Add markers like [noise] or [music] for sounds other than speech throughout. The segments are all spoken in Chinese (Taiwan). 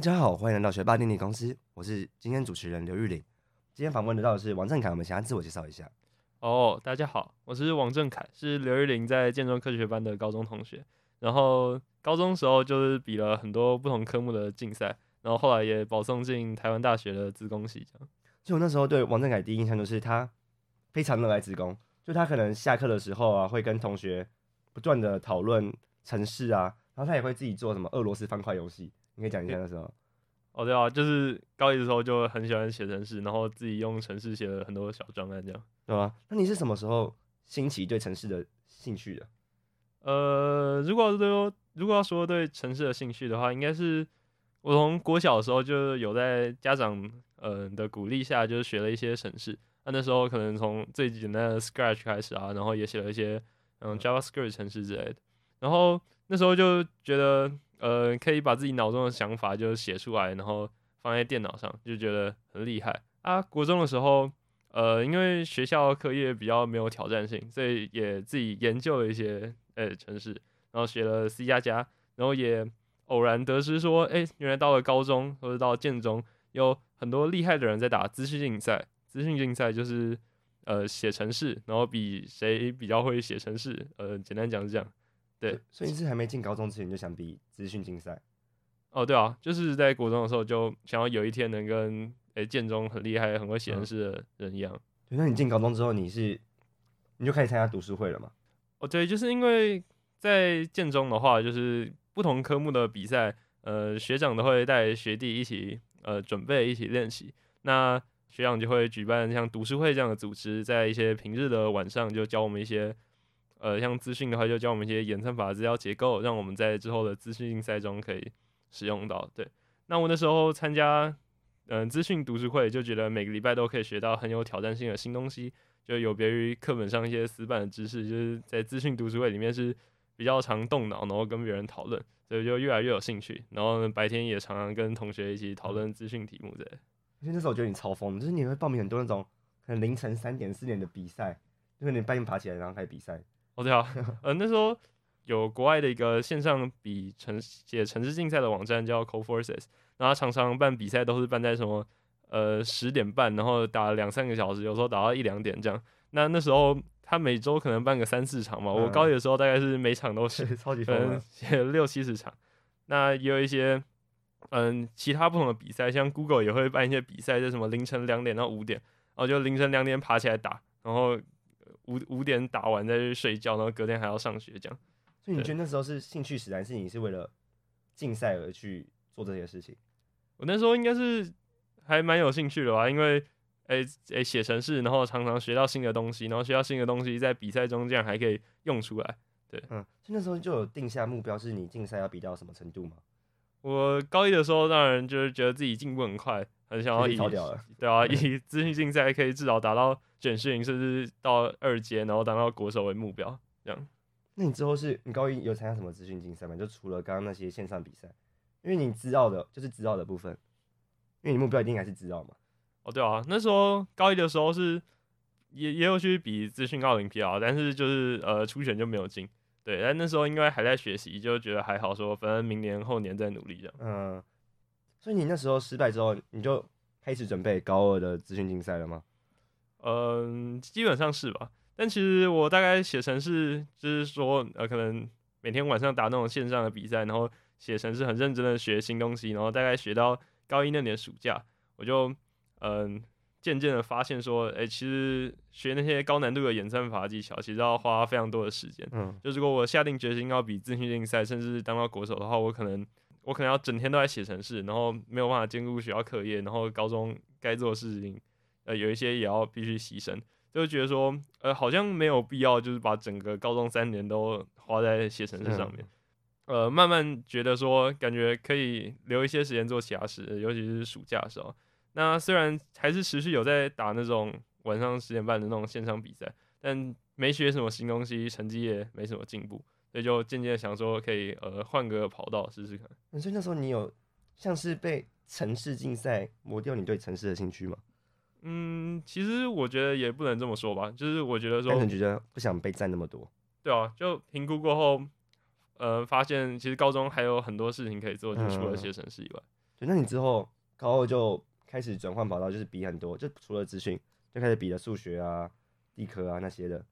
大家好，歡迎來到學霸電力公司，我是今天主持人劉玉玲。今天訪問得到的是王政凱，我們先來自我介紹一下。哦，oh, 大家好，我是王政凱，是劉玉玲在建中科學班的高中同學。然後高中時候就是比了很多不同科目的競賽，然後後來也保送進台灣大學的資工系。就我那時候對王政凱第一印象就是他非常熱愛資工，就他可能下課的時候啊，會跟同學不斷的討論程式啊。然後他也會自己做什麼俄羅斯方塊遊戲，你可以講一下那時候。哦，對啊，就是高一的時候就很喜歡寫程式，然後自己用程式寫了很多小專案。這樣，對吧？那你是什麼時候興起對程式的興趣的？呃如我我，如果要說如果要說對程式的興趣的話，應該是我從國小的時候就有在家長嗯、呃、的鼓勵下，就是學了一些程式。那那時候可能從最簡單的 Scratch 開始啊，然後也寫了一些嗯 JavaScript 程式之類的，然後。那時候就覺得，呃，可以把自己腦中的想法就寫出來，然後放在電腦上，就覺得很厲害啊。國中的時候，呃，因為學校課業比較沒有挑戰性，所以也自己研究了一些呃程式，然後學了 C 加加，然後也偶然得知說，哎、欸，原來到了高中或者到了建中有很多厲害的人在打資訊競賽。資訊競賽就是呃寫程式，然後比誰比較會寫程式，呃，簡單講講。對，所以你是還沒進高中之前就想比資訊競賽？哦，對啊，就是在國中的時候就想要有一天能跟誒、欸、建中很厲害、很會寫文事的人一樣。嗯、對，那你進高中之後你，你是你就可以參加讀書會了嗎？哦，對，就是因為在建中的話，就是不同科目的比賽，呃，學長都會帶學弟一起呃準備、一起練習。那學長就會舉辦像讀書會這樣的組織，在一些平日的晚上就教我們一些。呃，像資訊的話，就教我們一些演算法、資料結構，讓我們在之後的資訊競賽中可以使用到。對，那我那時候參加嗯資訊讀書會，就覺得每個禮拜都可以學到很有挑戰性的新東西，就有別於課本上一些死板的知識。就是在資訊讀書會裡面是比較常動腦，然後跟別人討論，所以就越來越有興趣。然後呢，白天也常常跟同學一起討論資訊題目。對，而且那時候覺得你超瘋，就是你會報名很多那種可能凌晨三點四點的比賽，就是你半夜爬起來然後開始比賽。對啊，嗯、呃，那時候有國外的一個線上比城寫城市競賽的網站叫 Codeforces，然後他常常辦比賽都是辦在什麼呃十點半，然後打兩三個小時，有時候打到一兩點這樣。那那時候他每週可能辦個三四場嘛，嗯、我高一的時候大概是每場都是、嗯、超級多，六七十場。那也有一些嗯、呃、其他不同的比賽，像 Google 也會辦一些比賽，就什麼凌晨兩點到五點，然後就凌晨兩點爬起來打，然後。五五點打完再去睡覺，然後隔天還要上學，這樣。所以你覺得那時候是興趣使然，是你是為了競賽而去做這些事情？我那時候應該是還蠻有興趣的吧，因為誒誒寫程式，然後常常學到新的東西，然後學到新的東西在比賽中這樣還可以用出來，對。嗯，所以那時候就有定下目標，是你競賽要比到什麼程度嗎？我高一的時候，當然就是覺得自己進步很快，很想要掉。對啊，以資訊競賽可以至少達到選訓營，甚至到二階，然後達到國手為目標。這樣。那你之後是你高一有參加什麼資訊競賽嗎？就除了剛剛那些線上比賽，因為你資奧的就是資奧的部分，因為你目標一定還是資奧嘛。哦，對啊！那時候高一的時候是也也有去比資訊奧林匹克，但是就是呃初選就沒有進。對，但那時候應該還在學習，就覺得還好說，說反正明年後年再努力這樣。嗯，所以你那時候失敗之後，你就開始準備高二的資訊競賽了嗎？嗯，基本上是吧。但其實我大概寫程式，就是說呃，可能每天晚上打那種線上的比賽，然後寫程式很認真的學新東西，然後大概學到高一那年暑假，我就嗯。漸漸的發現說，哎、欸，其實學那些高難度的演算法技巧，其實要花非常多的時間。嗯，就如果我下定決心要比資訊競賽，甚至當到國手的話，我可能我可能要整天都在寫程式，然後沒有辦法兼顧學校課業，然後高中該做的事情，呃，有一些也要必須犧牲，就覺得說，呃，好像沒有必要，就是把整個高中三年都花在寫程式上面。嗯、呃，慢慢覺得說，感覺可以留一些時間做其他事，尤其是暑假的時候。那雖然還是持續有在打那種晚上十點半的那種線上比賽，但沒學什麼新東西，成績也沒什麼進步，所以就漸漸想說可以呃，換個，個，個跑道試試看、嗯。所以那時候你有像是被程式競賽磨掉你對程式的興趣嗎？嗯，其實我覺得也不能這麼說吧，就是我覺得說，可覺得不想被占那麼多。對啊，就評估過後，呃，發現其實高中還有很多事情可以做，就除了學程式以外、嗯。對，那你之後高二就。開始轉換跑道，就是比很多，就除了資訊，就開始比了數學啊、地科啊那些的。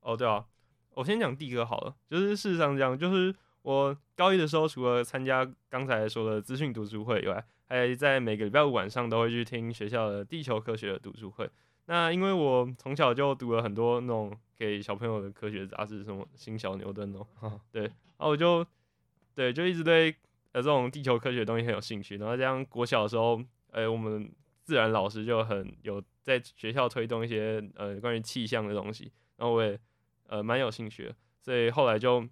哦，對啊，我先講地科好了。就是事實上這樣，就是我高一的時候，除了參加剛才說的資訊讀書會以外，還在每個禮拜五晚上都會去聽學校的地球科學的讀書會。那因為我從小就讀了很多那種給小朋友的科學雜誌，什麼《新小牛頓》哦，哦，對，然後我就對，就一直對呃這種地球科學的東西很有興趣。然後這樣國小的時候。誒、欸，我們自然老師就很有在學校推動一些呃關於氣象的東西，然後我也呃蠻有興趣的，所以後來就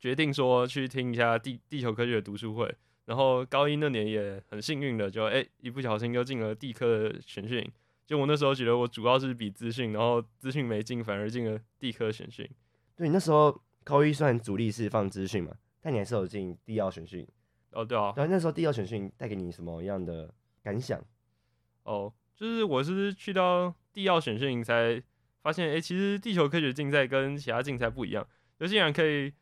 決定說去聽一下地地球科學的讀書會。然後高一那年也很幸運的就哎、欸、一不小心又進了地科的選訓。就我那時候覺得我主要是比資訊，然後資訊沒進，反而進了地科選訓。對，那時候高一雖然主力是放資訊嘛，但你還是有進地科選訓。哦，對啊。後、啊、那時候地科選訓帶給你什麼樣的？感想哦，oh, 就是我是去到第二選訓營才發現，哎、欸，其實地球科學競賽跟其他競賽不一樣，就竟然可以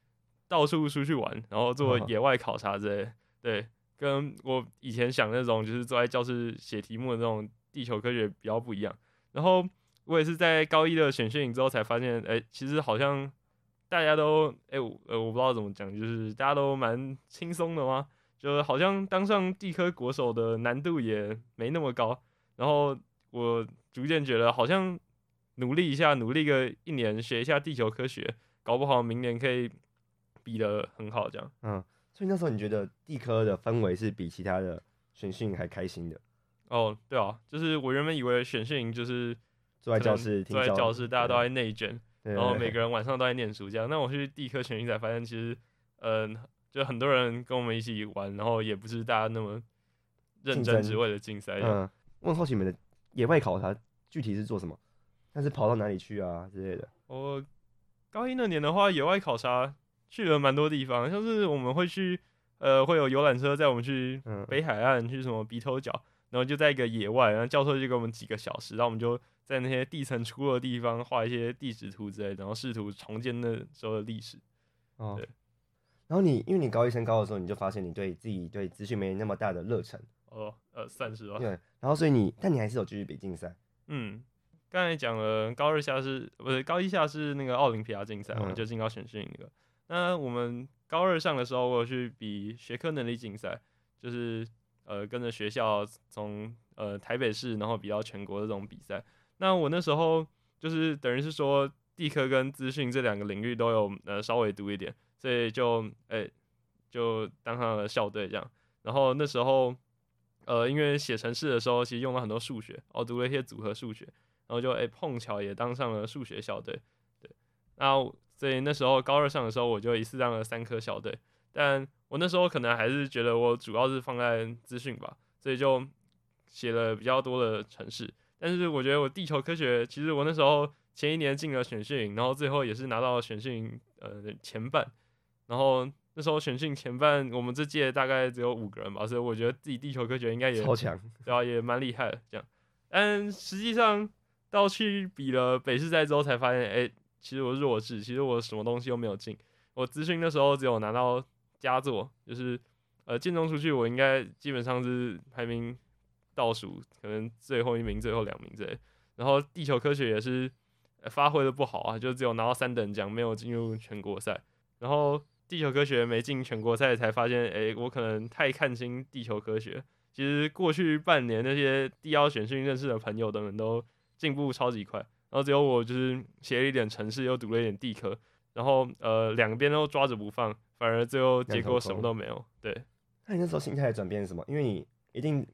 到處出去玩，然後做野外考察之類。Oh. 對，跟我以前想那種就是坐在教室寫題目的那種地球科學比較不一樣。然後我也是在高一的選訓營之後才發現，哎、欸，其實好像大家都哎、欸，我、呃、我不知道怎麼講，就是大家都蠻輕鬆的嗎？就好像當上地科國手的難度也沒那麼高，然後我逐漸覺得好像努力一下，努力個一年，學一下地球科學，搞不好明年可以比得很好這樣。嗯，所以那時候你覺得地科的氛圍是比其他的選訓還開心的？哦，對啊，就是我原本以為選訓營就是坐在教室聽，坐在教室大家都在內捲，對對對，然後每個人晚上都在念書這樣。那我去地科選訓才發現，其實嗯。就很多人跟我們一起玩，然後也不是大家那麼認真的，只為了競賽。嗯，問好奇你們的野外考察具體是做什麼？那是跑到哪裡去啊之類的？我、哦、高一那年的話，野外考察去了蠻多地方，像是我們會去，呃，會有遊覽車載我們去北海岸去什麼鼻頭角，嗯、然後就在一個野外，然後教授就給我們幾個小時，然後我們就在那些地層出露的地方畫一些地質圖之類的，然後試圖重建那時候的歷史。哦，對。然後你，因為你高一升高的時候，你就發現你對自己對資訊沒那麼大的熱忱。哦，oh, 呃，算是吧。對，yeah, 然後所以你，但你還是有繼續比競賽。嗯，剛才講了高二下是，不是高一下是那個奧林匹亞競賽，嗯、我們就進高選訓一個。那我們高二上的時候，我有去比學科能力競賽，就是呃跟着學校從呃台北市，然後比到全國這種比賽。那我那時候就是等於是說地科跟資訊這兩個領域都有呃稍微讀一點。所以就哎、欸，就當上了校隊這樣。然後那時候，呃，因為寫程式的時候，其實用了很多數學，我讀了一些組合數學，然後就哎、欸、碰巧也當上了數學校隊。對，那所以那時候高二上的時候，我就一次當了三科校隊。但我那時候可能還是覺得我主要是放在資訊吧，所以就寫了比較多的程式。但是我覺得我地球科學，其實我那時候前一年進了選訓，然後最後也是拿到選訓呃前半，然後那時候選訓前半，我們這屆大概只有五個人吧，所以我覺得自己地球科學應該也超強，對啊，也蠻厲害的這樣。但實際上到去比了北市賽之後，才發現，誒，其實我是弱智，其實我什麼東西都沒有進。我資訊的時候只有拿到佳作，就是呃，建中出去我應該基本上是排名倒數，可能最後一名、最後兩名之類。然後地球科學也是發揮的不好啊，就只有拿到三等獎，沒有進入全國賽。然後。地球科學沒進全國賽，才發現，哎、欸，我可能太看輕地球科學。其實過去半年那些地奧選訓認識的朋友，他們都進步超級快，然後只有我就是寫了一點程式，又讀了一點地科，然後呃兩邊都抓着不放，反而最後結果什麼都沒有。對，那你那時候心態轉變是什麼？因為你一定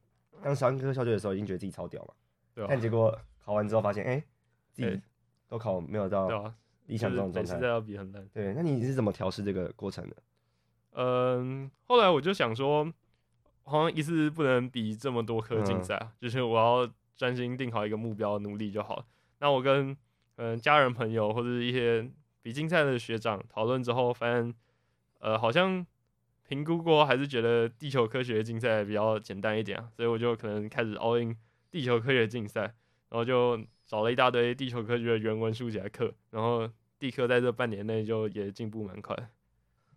剛上地科校隊的時候，已經覺得自己超屌嘛，對啊、但結果考完之後發現，哎、欸，自己都考沒有到。對啊。理想狀態，每次要比很爛。對，那你是怎麼調試這個過程的？嗯，後來我就想說，好像一次不能比這麼多科競賽、嗯、就是我要專心定好一個目標，努力就好。那我跟嗯家人、朋友或者一些比競賽的學長討論之後發現，反正呃好像評估過，還是覺得地球科學競賽比較簡單一點啊，所以我就可能開始 all in 地球科學競賽，然後就。找了一大堆地球科學的原文書來課，然後地科在這半年內就也進步蠻快，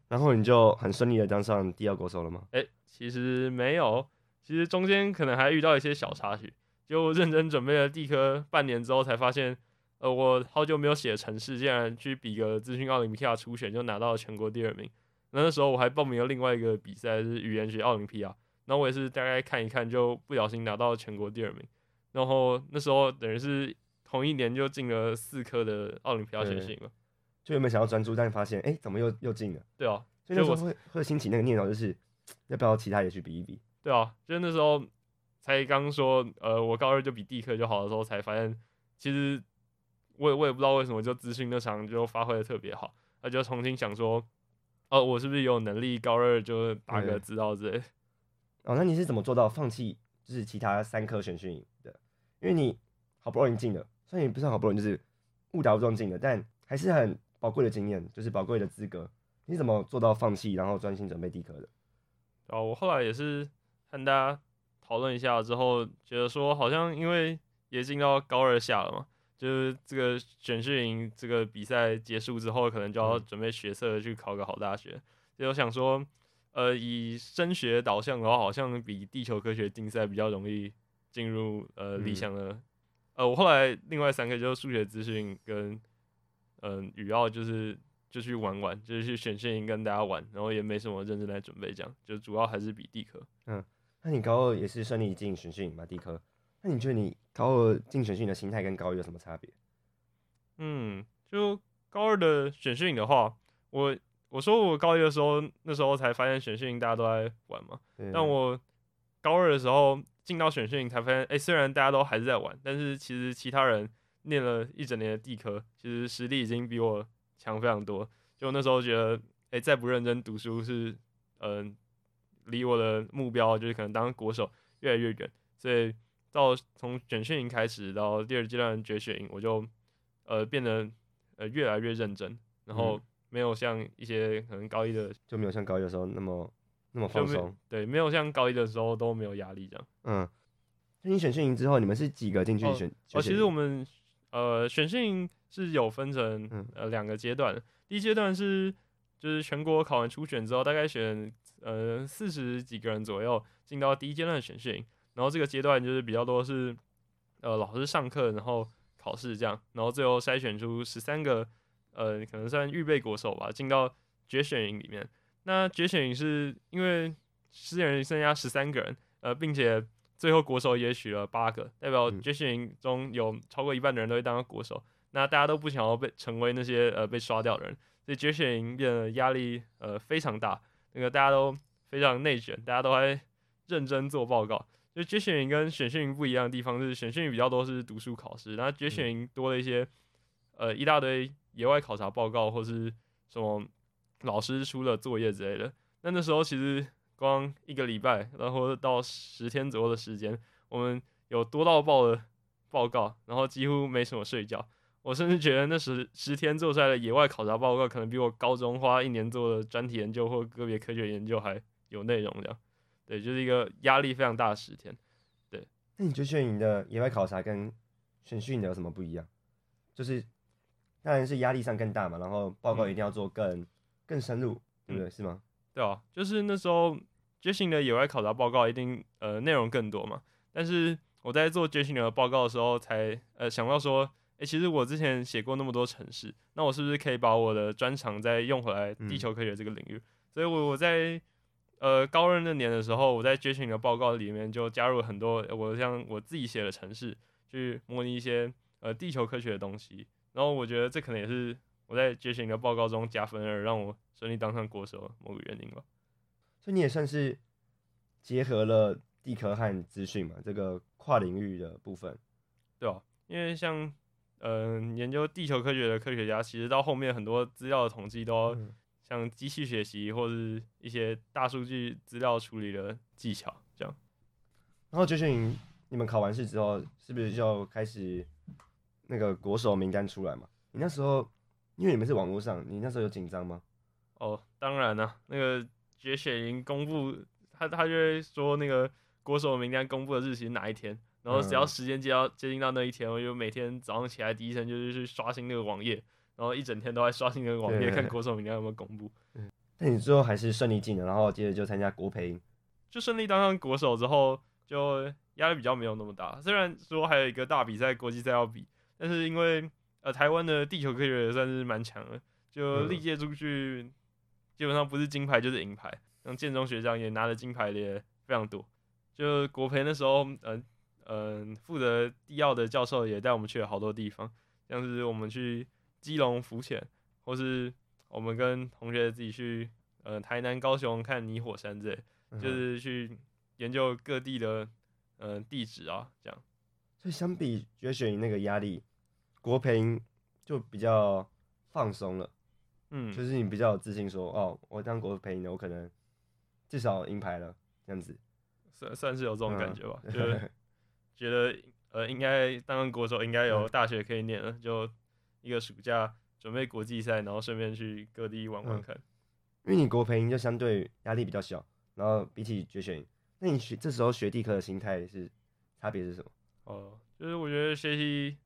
然後你就很順利的當上第二國手了嗎？誒、欸，其實沒有，其實中間可能還遇到一些小插曲，就認真準備了地科半年之後，才發現，呃，我好久沒有寫程式竟然去比個資訊奧林匹亞初選就拿到了全國第二名，那那時候我還報名了另外一個比賽，是語言學奧林匹亞，那我也是大概看一看就不小心拿到了全國第二名。然後那時候等於是同一年就進了四科的奧林匹亞選訓嘛，就有沒有想要專注，但是發現哎怎麼又又進了？對啊，所以，所以我會會興起那個念頭，就是要不要其他也去比一比？對啊，就是那時候才剛說呃我高二就比地科就好的時候，才發現其實我也我也不知道為什麼就資訊那場就發揮的特別好，那就重新想說，哦、呃，我是不是有能力高二就拿個資奧之類，對對？哦，那你是怎麼做到放棄就是其他三科選訓？因為你好不容易進了，雖然也不是好不容易，就是誤打誤撞進了，但還是很寶貴的經驗，就是寶貴的資格。你怎麼做到放棄，然後專心準備地科的？哦、啊，我後來也是和大家討論一下之後，覺得說好像因為也進到高二下了嘛，就是這個選訓營這個比賽結束之後，可能就要準備學測去考個好大學。所以我想說，呃，以升學導向的話，好像比地球科學競賽比較容易。進入呃理想的。嗯、呃我後來另外三個就是數學資訊跟嗯語奧，呃、就是就去玩玩，就是去選訓營跟大家玩，然後也沒什麼認真來準備這樣，就主要還是比地科。嗯，那你高二也是順利進選訓營嘛？地科？那你覺得你高二進選訓營的心態跟高一有什麼差別？嗯，就高二的選訓營的話，我我說我高一的時候，那時候才發現選訓營大家都在玩嘛，了但我高二的時候。進到選訓營才發現，誒、欸，雖然大家都還是在玩，但是其實其他人念了一整年的地科，其實實力已經比我強非常多。就那時候覺得，誒、欸，再不認真讀書是，嗯、呃，離我的目標就是可能當國手越來越遠。所以到從選訓營開始，到第二階段的決選營，我就呃變得呃越來越認真，然後沒有像一些可能高一的就沒有像高一的時候那麼。那麼放鬆，就沒對，沒有像高一的時候都沒有壓力這樣。嗯，那你選訓營之後，你們是幾個進去選哦？哦，其實我們呃選訓營是有分成、嗯、呃兩個階段，第一階段是就是全國考完初選之後，大概選呃四十幾個人左右進到第一階段的選訓營，然後這個階段就是比較多是呃老師上課，然後考試這樣，然後最後篩選出十三個呃可能算預備國手吧，進到決選營裡面。那決選營是因為十人剩下十三個人，呃，並且最後國手也取了八個，代表決選營中有超過一半的人都會當國手。那大家都不想要被成為那些呃被刷掉的人，所以決選營變得壓力呃非常大，那個大家都非常內捲，大家都還認真做報告。就決選營跟選訓不一樣的地方是，選訓比較多是讀書考試，然後決選營多了一些呃一大堆野外考察報告或是什麼。老師出了作業之類的，那那時候其實光一個禮拜，然後到十天左右的時間，我們有多到爆的報告，然後幾乎沒什麼睡覺。我甚至覺得那十十天做出來的野外考察報告，可能比我高中花一年做的專題研究或個別科學研究還有內容的。對，就是一個壓力非常大的十天。對，那你覺得你的野外考察跟選訓的有什麼不一樣？就是當然是壓力上更大嘛，然後報告一定要做更、嗯。更深入，對不對？嗯、是嗎？對啊，就是那時候決選的野外考察報告一定呃內容更多嘛。但是我在做決選的報告的時候才，才呃想到說，誒，其實我之前寫過那麼多程式，那我是不是可以把我的專長再用回來地球科學這個領域？嗯、所以，我我在呃高二那年的時候，我在決選的報告裡面就加入了很多、呃、我像我自己寫的程式，去模擬一些呃地球科學的東西。然後我覺得這可能也是。我在覺醒的報告中加分了，讓我順利當上國手，某個原因吧。所以你也算是結合了地科和資訊嘛，這個跨領域的部分。對哦，因為像嗯、呃，研究地球科學的科學家，其實到後面很多資料的統計，都像機器學習或者一些大數據資料處理的技巧這樣。然後覺醒，你們考完試之後，是不是就開始那個國手名單出來嘛？你那時候。因為你們是網絡上，你那時候有緊張嗎？哦，當然了、啊，那個決選營公布，他他就會說那個國手名單公布的日期是哪一天，然後只要時間接要接近到那一天，嗯、我就每天早上起來第一聲就是去刷新那個網頁，然後一整天都在刷新那個網頁對看國手名單有沒有公布。嗯，但你最後還是順利進了，然後接着就參加國培營，就順利當上國手之後，就壓力比較沒有那麼大。雖然說還有一個大比賽，國際賽要比，但是因為。呃，台灣的地球科學也算是蠻強的，就歷屆出去基本上不是金牌就是銀牌，像建中學長也拿了金牌的非常多。就國培那時候，嗯、呃、嗯，負責地奧的教授也帶我們去了好多地方，像是我們去基隆浮潛，或是我們跟同學自己去呃台南、高雄看泥火山之類，就是去研究各地的呃地質啊這樣。所以相比選訓營那個壓力。國培就比較放鬆了，嗯，就是你比較有自信說，說哦，我當國培營，我可能至少銀牌了，這樣子，算，算是有這種感覺吧，嗯、就覺得呃，應該當國手應該有大學可以念了，嗯、就一個暑假準備國際賽，然後順便去各地玩玩看，嗯、因為你國培就相對壓力比較小，然後比起決選。那你學這時候學地科的心態是差別是什麼？哦、嗯，就是我覺得學習。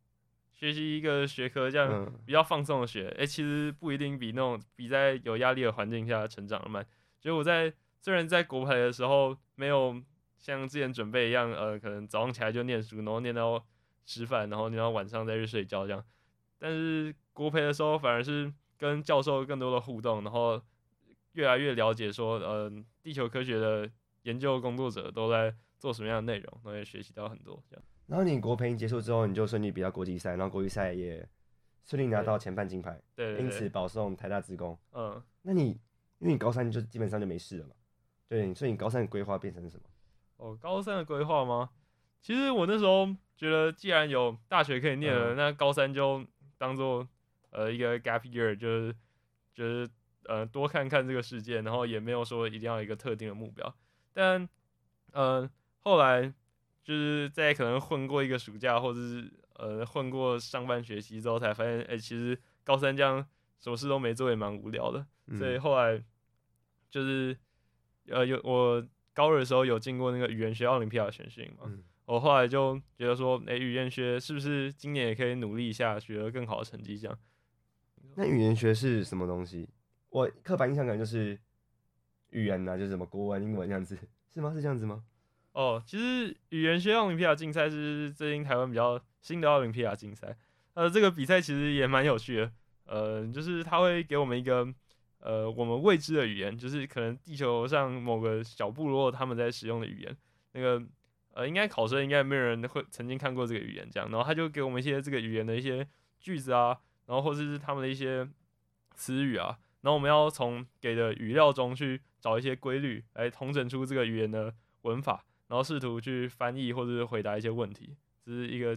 學習一個學科，這樣比較放鬆的學，哎、嗯欸，其實不一定比那種比在有壓力的環境下成長的慢。所以我在雖然在國培的時候沒有像之前準備一樣，呃，可能早上起來就念書，然後念到吃飯，然後念到晚上再去睡覺這樣。但是國培的時候反而是跟教授更多的互動，然後越來越了解說，呃，地球科學的研究工作者都在做什麼樣的內容，然後也學習到很多這樣。然後你國培結束之後，你就順利比較國際賽，然後國際賽也順利拿到前半金牌，對，對對對，因此保送台大資工。嗯，那你，因為你高三就基本上就沒事了嘛，對，嗯、所以你高三的規劃變成什麼？哦，高三的規劃嗎？其實我那時候覺得，既然有大學可以念了，嗯、那高三就當做呃一個 gap year，就是就是呃多看看這個世界，然後也沒有說一定要一個特定的目標，但嗯、呃、後來。就是在可能混過一個暑假，或者是呃混過上半學期之後，才發現哎、欸，其實高三這樣什麼事都沒做也蠻無聊的。嗯、所以後來就是呃有我高二的時候有進過那個語言學奧林匹克選訓嘛，嗯、我後來就覺得說哎、欸、語言學是不是今年也可以努力一下，取得更好的成績這樣？那語言學是什麼東西？我刻板印象感就是語言吶、啊，就是什麼國文、英文這樣子，嗯、是嗎？是這樣子嗎？哦，其實語言學奧林匹克競賽是最近台灣比較新的奧林匹克競賽。呃，這個比賽其實也蠻有趣的。呃，就是他會給我們一個呃我們未知的語言，就是可能地球上某個小部落他們在使用的語言。那個呃，應該考生應該沒有人會曾經看過這個語言，這樣。然後他就給我們一些這個語言的一些句子啊，然後或者是他們的一些詞語啊，然後我們要從給的語料中去找一些規律，來統整出這個語言的文法。然後試圖去翻譯或者是回答一些問題，只是一個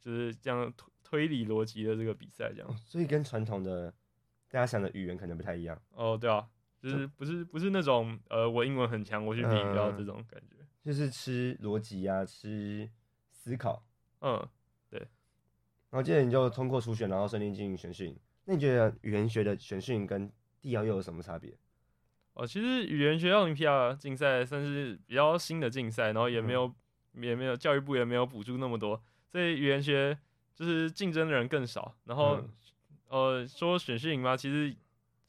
就是這樣推推理邏輯的這個比賽，這樣、哦。所以跟傳統的大家想的語言可能不太一樣哦，對啊，就是不是、嗯、不是那種呃我英文很強我去比比較這種感覺，就是吃邏輯啊，吃思考，嗯，對。然後接着你就通過初選，然後順利進行選訓。那你覺得語言學的選訓跟地奧又有什麼差別？哦，其實語言學奧林匹克競賽算是比較新的競賽，然後也沒有，嗯、也沒有教育部也沒有補助那麼多，所以語言學就是競爭的人更少。然後，嗯、呃，說選訓營嘛，其實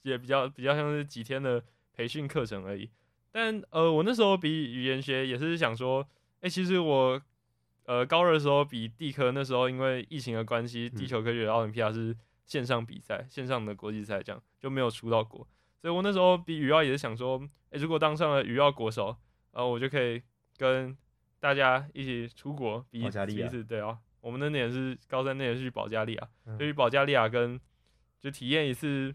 也比較比較像是幾天的培訓課程而已。但呃，我那時候比語言學也是想說，誒，其實我呃高二的時候比地科，那時候因為疫情的關係，地球科學的奧林匹克是線上比賽，線上的國際賽這樣，就沒有出到國。所以我那時候比語奧也是想說，哎、欸，如果當上了語奧國手，呃，我就可以跟大家一起出國比，保加利亞，比一次，對哦、啊，我們那年是高三那年是去保加利亞，嗯，就去保加利亞跟就體驗一次，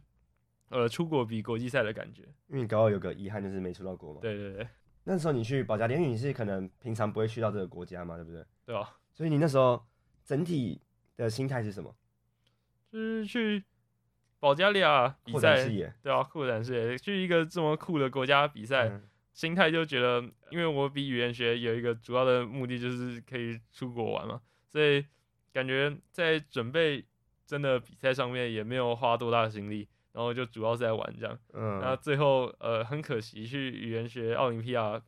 呃，出國比國際賽的感覺。因為剛好有個遺憾就是沒出到國嘛。對對對。那時候你去保加利亞，因為你是可能平常不會去到這個國家嘛，對不對？對哦。所以你那時候整體的心態是什麼？就是去保加利亞比賽，對啊，擴展視野，去一個這麼酷的國家比賽，嗯、心態就覺得，因為我比語言學有一個主要的目的就是可以出國玩嘛，所以感覺在準備真的比賽上面也沒有花多大的心力，然後就主要是在玩這樣。嗯，那最後呃很可惜去語言學奧林匹亞，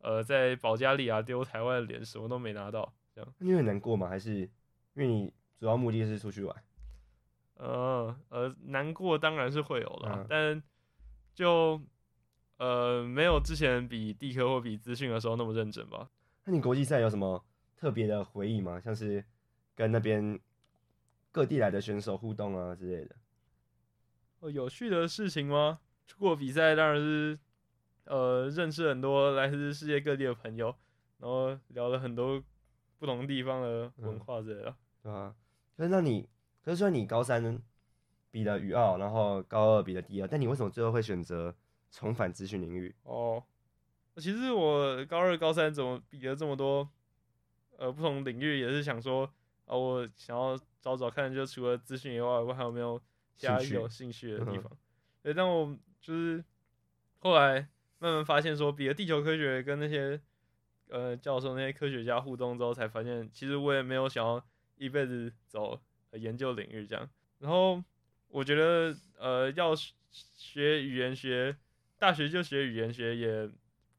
呃在保加利亞丟台灣的臉，什麼都沒拿到，這樣。你很難過嗎？還是因為你主要目的是出去玩？嗯呃、嗯、呃，難過當然是會有的，啊，嗯、但就呃沒有之前比地科或比資訊的時候那麼認真吧。那你國際賽有什麼特別的回憶嗎？像是跟那邊各地來的選手互動啊之類的，呃、有趣的事情嗎？出國比賽當然是呃認識很多來自世界各地的朋友，然後聊了很多不同地方的文化之類的，嗯、對啊。但是那你。可是，雖然說你高三比了語奧，然後高二比了地奧，但你為什麼最後會選擇重返資訊領域？哦，其實我高二、高三怎麼比了這麼多呃不同領域，也是想說啊、呃，我想要找找看，就除了資訊以外，我還有沒有其他有興趣的地方？誒、嗯，但我就是後來慢慢發現說，說比了地球科學跟那些呃教授、那些科學家互動之後，才發現其實我也沒有想要一輩子走了研究領域這樣，然後我覺得呃要學語言學，大學就學語言學也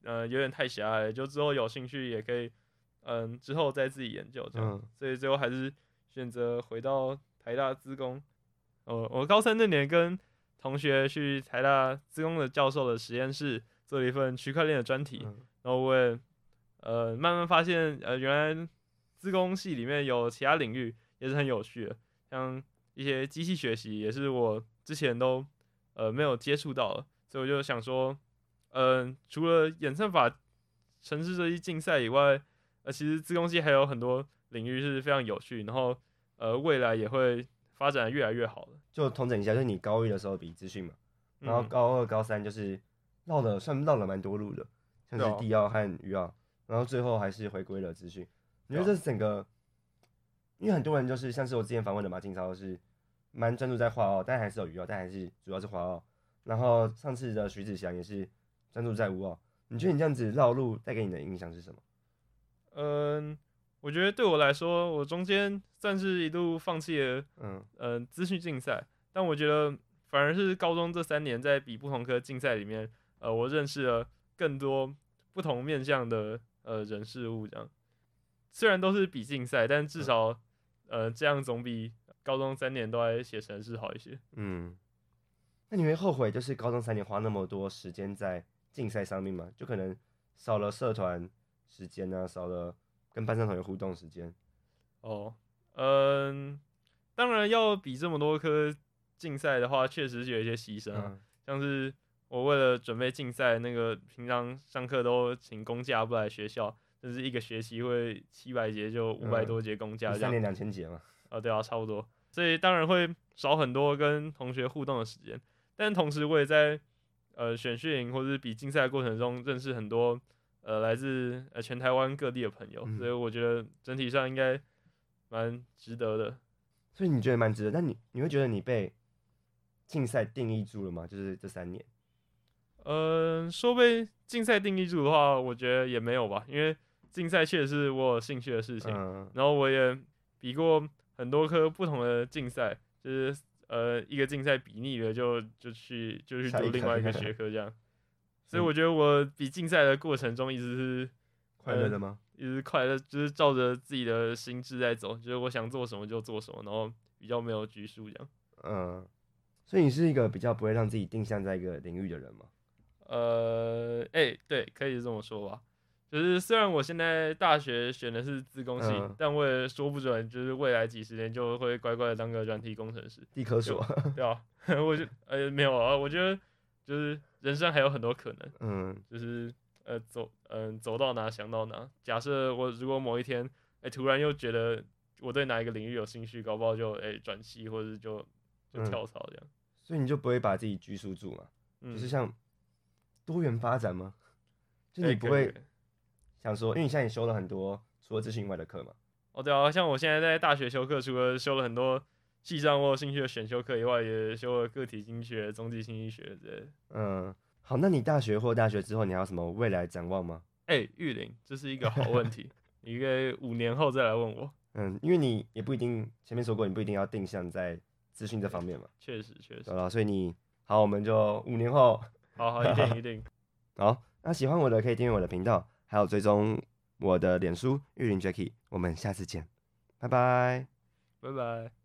呃有點太狹隘，就之後有興趣也可以嗯、呃、之後再自己研究這樣，嗯，所以最後還是選擇回到台大資工。我，呃、我高三那年跟同學去台大資工的教授的實驗室做了一份區塊鏈的專題，嗯，然後我也呃慢慢發現呃原來資工系裡面有其他領域也是很有趣的，像一些機器學習也是我之前都呃沒有接觸到的，所以我就想說，嗯、呃，除了演算法、程式這一競賽以外，呃，其實資工系還有很多領域是非常有趣，然後呃未來也會發展得越來越好的。就統整一下，就是你高一的時候比資訊嘛，然後高二、高三就是繞了算繞了蠻多路的，像是地奧和語奧，然後最後還是回歸了資訊。啊、你覺得這整個？因為很多人就是，像是我之前訪問的馬競超是，蠻專注在化奧，但還是有語奧，但還是主要是化奧。然後上次的徐子翔也是專注在物奧。你覺得你這樣子繞路帶給你的影響是什麼？嗯，我覺得對我來說，我中間算是一度放棄了，嗯、呃，嗯資訊競賽。但我覺得反而是高中這三年在比不同科競賽裡面，呃，我認識了更多不同面向的呃人事物這樣。雖然都是比競賽，但至少、嗯。呃、嗯，這樣總比高中三年都來寫程式好一些。嗯，那你會後悔，就是高中三年花那麼多時間在競賽上面嗎？就可能少了社團時間啊，少了跟班上同學互動時間。哦，嗯，當然要比這麼多科競賽的話，確實是有一些犧牲啊。嗯、像是我為了準備競賽，那個平常上課都請公假不來學校。就是一個學期會七百節，就五百多節公假，嗯、三年兩千節嘛。啊，對啊，差不多。所以當然會少很多跟同學互動的時間，但同時我也在呃選訓或者比競賽的過程中認識很多呃來自呃全台灣各地的朋友，嗯、所以我覺得整體上應該蠻值得的。所以你覺得蠻值得？那你你會覺得你被競賽定義住了嗎？就是這三年？呃，說被競賽定義住的話，我覺得也沒有吧，因為。競賽確實是我有興趣的事情，然後我也比過很多科不同的競賽，就是呃一個競賽比膩了就就去就去做另外一個學科這樣，所以我覺得我比競賽的過程中一直是、嗯嗯、快樂的嗎？一直快樂，就是照着自己的心智在走，就是我想做什麼就做什麼，然後比較沒有拘束這樣。嗯，所以你是一個比較不會讓自己定向在一個領域的人嗎？呃，誒、欸，對，可以這麼說吧。就是雖然我現在大學選的是資工系，嗯、但我也說不準，就是未來幾十年就會乖乖的當個軟體工程師。地科說對吧、啊？我就呃、欸、沒有啊，我覺得就是人生還有很多可能，嗯，就是呃走嗯、呃、走到哪想到哪。假設我如果某一天哎、欸、突然又覺得我對哪一個領域有興趣，搞不好就哎轉、欸、系或者是就就跳槽這樣、嗯。所以你就不會把自己拘束住嘛？嗯、就是像多元發展嗎？就你不會、欸？對對對想說，因為你現在也修了很多除了資訊外的課嘛。哦，對啊，像我現在在大學修課，除了修了很多系上或興趣的選修課以外，也修了個體經濟學、中級經濟學。嗯，好，那你大學或大學之後你還有什麼未來展望嗎？哎、欸，玉林，這是一個好問題， [laughs] 你該五年後再來問我。嗯，因為你也不一定，前面說過你不一定要定向在資訊這方面嘛。確實，確實。好了，所以你，好，我們就五年後。好好，一定 [laughs] 一定。好，那喜歡我的可以訂閱我的頻道。還有，追蹤我的臉書玉林 j a c k i e 我們下次見，拜拜，拜拜。